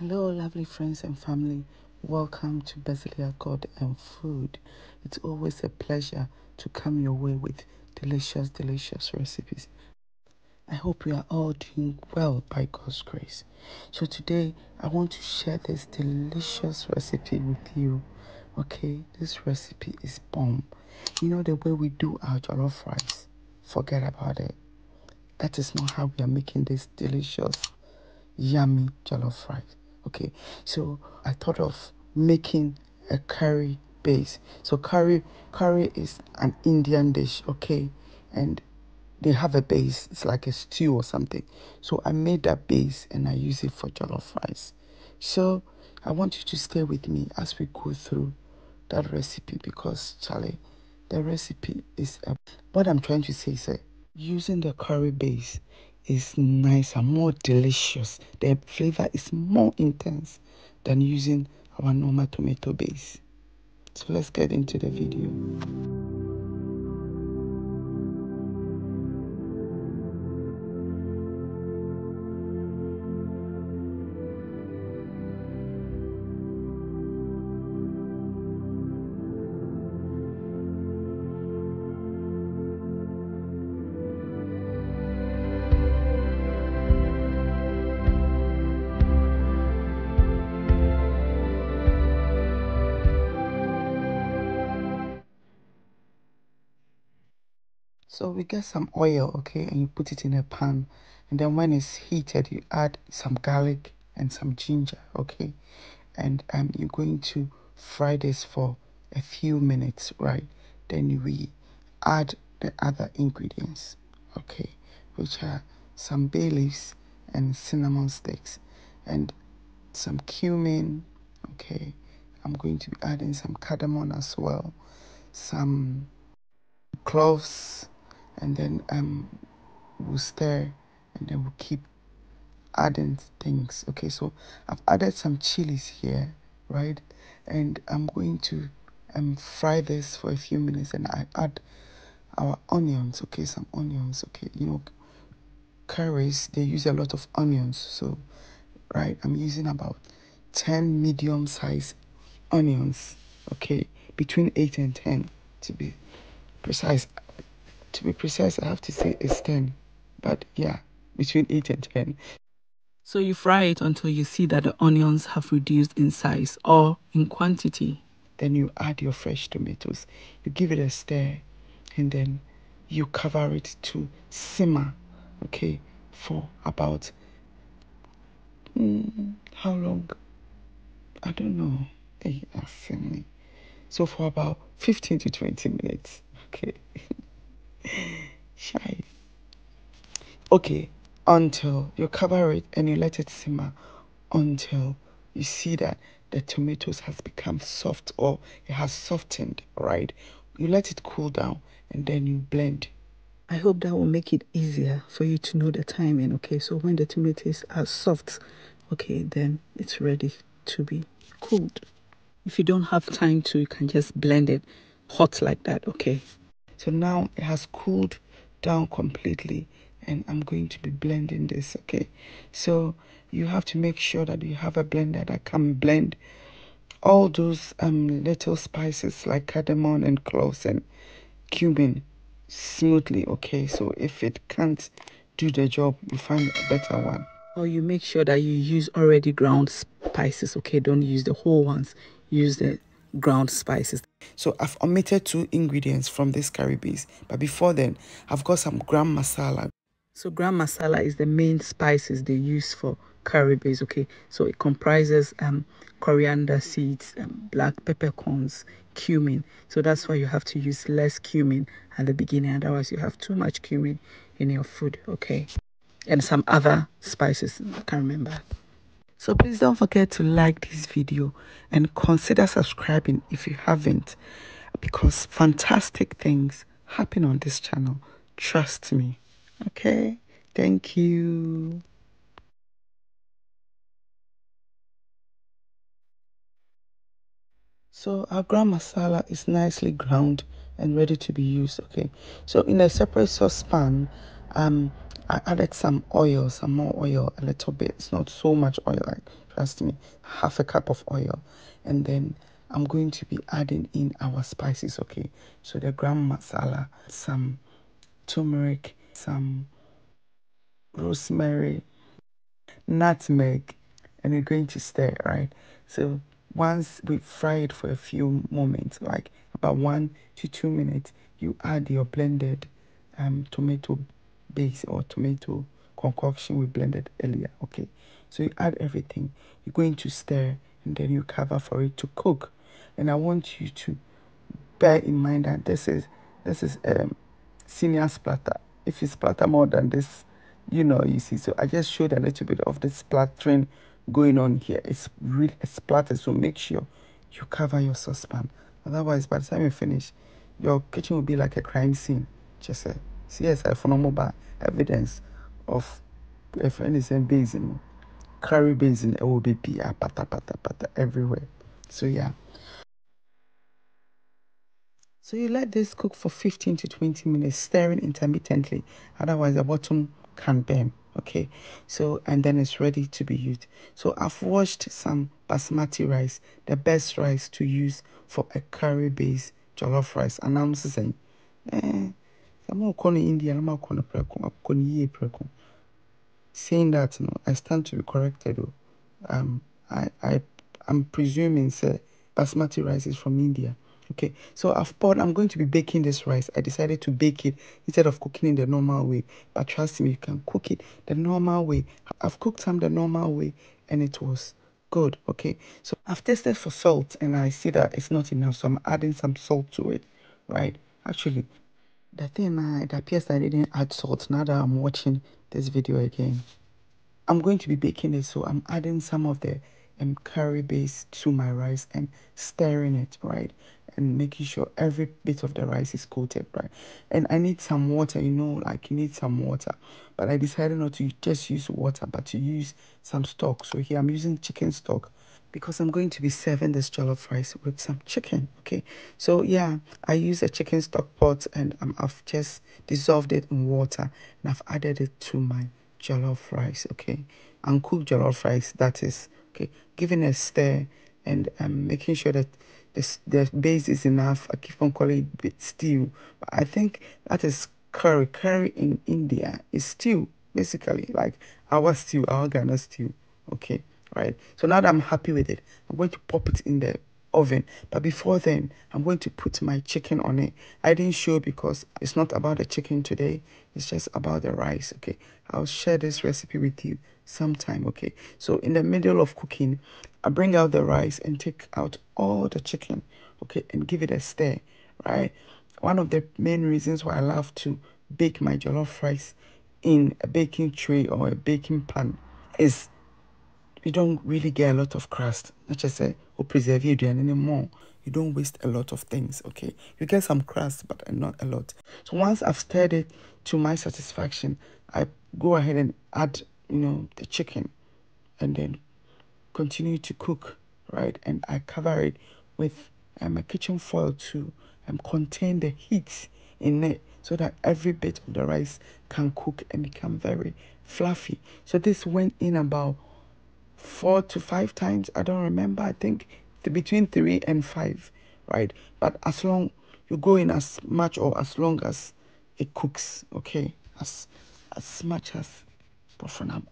Hello, lovely friends and family. Welcome to Basilia God and Food. It's always a pleasure to come your way with delicious, delicious recipes. I hope you are all doing well by God's grace. So, today I want to share this delicious recipe with you. Okay, this recipe is bomb. You know, the way we do our jollof rice, forget about it. That is not how we are making this delicious, yummy jollof rice okay so i thought of making a curry base so curry curry is an indian dish okay and they have a base it's like a stew or something so i made that base and i use it for jollof rice so i want you to stay with me as we go through that recipe because charlie the recipe is a, what i'm trying to say is that using the curry base is nicer, more delicious. The flavor is more intense than using our normal tomato base. So let's get into the video. So we get some oil, okay, and you put it in a pan. And then when it's heated, you add some garlic and some ginger, okay? And um, you're going to fry this for a few minutes, right? Then we add the other ingredients, okay? Which are some bay leaves and cinnamon sticks and some cumin, okay? I'm going to be adding some cardamom as well, some cloves, and then um we'll stir and then we'll keep adding things okay so i've added some chilies here right and i'm going to um fry this for a few minutes and i add our onions okay some onions okay you know curries they use a lot of onions so right i'm using about 10 medium sized onions okay between 8 and 10 to be precise to be precise, I have to say it's 10. But yeah, between 8 and 10. So you fry it until you see that the onions have reduced in size or in quantity. Then you add your fresh tomatoes. You give it a stir and then you cover it to simmer, okay, for about mm, how long? I don't know. Hey, ask me. So for about 15 to 20 minutes, okay. Shy. Okay, until you cover it and you let it simmer until you see that the tomatoes has become soft or it has softened, right? You let it cool down and then you blend. I hope that will make it easier for you to know the timing, okay? So when the tomatoes are soft, okay, then it's ready to be cooled. If you don't have time to, you can just blend it hot like that, okay? So now it has cooled down completely and I'm going to be blending this, okay? So you have to make sure that you have a blender that can blend all those um, little spices like cardamom and cloves and cumin smoothly, okay? So if it can't do the job, you find a better one. Or you make sure that you use already ground spices, okay? Don't use the whole ones. Use the ground spices. So I've omitted two ingredients from this curry base. But before then, I've got some gram masala. So gram masala is the main spices they use for curry base, okay? So it comprises um, coriander seeds, um, black peppercorns, cumin. So that's why you have to use less cumin at the beginning. Otherwise, you have too much cumin in your food, okay? And some other spices, I can't remember. So please don't forget to like this video and consider subscribing if you haven't because fantastic things happen on this channel. Trust me. Okay? Thank you. So our ground masala is nicely ground and ready to be used. Okay, so in a separate saucepan, um i added some oil some more oil a little bit it's not so much oil like trust me half a cup of oil and then i'm going to be adding in our spices okay so the gram masala some turmeric some rosemary nutmeg and we're going to stir right so once we fry it for a few moments like about one to two minutes you add your blended um, tomato base or tomato concoction we blended earlier. Okay, so you add everything, you're going to stir, and then you cover for it to cook. And I want you to bear in mind that this is this is um senior splatter. If you splatter more than this, you know, you see. So I just showed a little bit of the splattering going on here. It's really a splatter, so make sure you cover your saucepan. Otherwise, by the time you finish, your kitchen will be like a crime scene. Just say. CSI mobile evidence of a friend is in basin, carry basin, OBP, ah, pata pata pata everywhere. So, yeah. So, you let this cook for 15 to 20 minutes, stirring intermittently, otherwise, the bottom can burn. Okay, so and then it's ready to be used. So, I've washed some basmati rice, the best rice to use for a curry based jollof rice. And I'm saying, eh. I'm not no India na makɔ no prɛko akɔ no yie prɛko saying that I stand to be corrected um, I, I, I'm presuming sɛ basmati rice is from India okay so I've poured I'm going to be baking this rice I decided to bake it instead of cooking in the normal way but trust me you can cook it the normal way I've cooked some the normal way and it was good okay so I've tested for salt and I see that it's not enough so I'm adding some salt to it right actually the thing now, it appears I didn't add salt now that I'm watching this video again. I'm going to be baking it, so I'm adding some of the um, curry base to my rice and stirring it, right? And making sure every bit of the rice is coated, right? And I need some water, you know, like you need some water. But I decided not to just use water, but to use some stock. So here I'm using chicken stock because I'm going to be serving this jollof rice with some chicken. Okay, so yeah, I use a chicken stock pot and um, I've just dissolved it in water and I've added it to my jollof rice. Okay, uncooked jollof rice that is. Okay, giving a stir and um, making sure that the, the base is enough. I keep on calling it stew, but I think that is curry. Curry in India is stew basically, like our stew, our Ghana stew. Okay right so now that i'm happy with it i'm going to pop it in the oven but before then i'm going to put my chicken on it i didn't show because it's not about the chicken today it's just about the rice okay i'll share this recipe with you sometime okay so in the middle of cooking i bring out the rice and take out all the chicken okay and give it a stir right one of the main reasons why i love to bake my jollof rice in a baking tray or a baking pan is you don't really get a lot of crust. Not just say, "Oh, preserve you anymore. You don't waste a lot of things, okay? You get some crust, but not a lot. So once I've stirred it to my satisfaction, I go ahead and add, you know, the chicken and then continue to cook, right? And I cover it with um, a kitchen foil to um, contain the heat in it so that every bit of the rice can cook and become very fluffy. So this went in about four to five times. I don't remember. I think between three and five, right? But as long you go in as much or as long as it cooks, okay? As as much as um.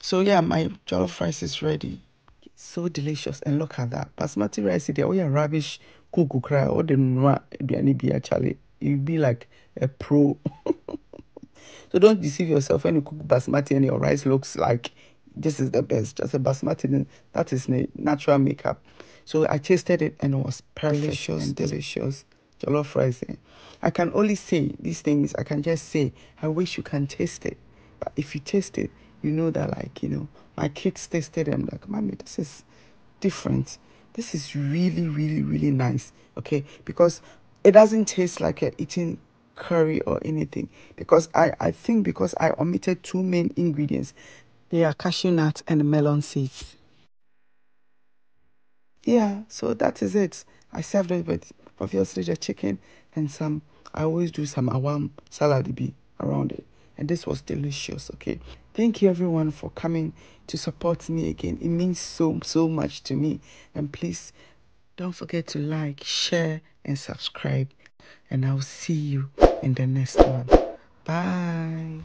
So yeah, my jollof rice is ready. It's so delicious and look at that basmati rice. They all rubbish kuku cry all the nwa actually. You'd be like a pro. So don't deceive yourself when you cook basmati and your rice looks like this is the best. Just a basmati, that is natural makeup. So I tasted it and it was perfect delicious, and delicious jollof rice. Eh? I can only say these things. I can just say I wish you can taste it. But if you taste it, you know that like you know my kids tasted it. I'm like, mommy, this is different. This is really, really, really nice. Okay, because it doesn't taste like you're eating curry or anything because I, I think because I omitted two main ingredients. They are cashew nuts and melon seeds. Yeah, so that is it. I served it with obviously the chicken and some, I always do some awam salad around it. And this was delicious, okay? Thank you everyone for coming to support me again. It means so, so much to me. And please don't forget to like, share, and subscribe and I'll see you in the next one. Bye.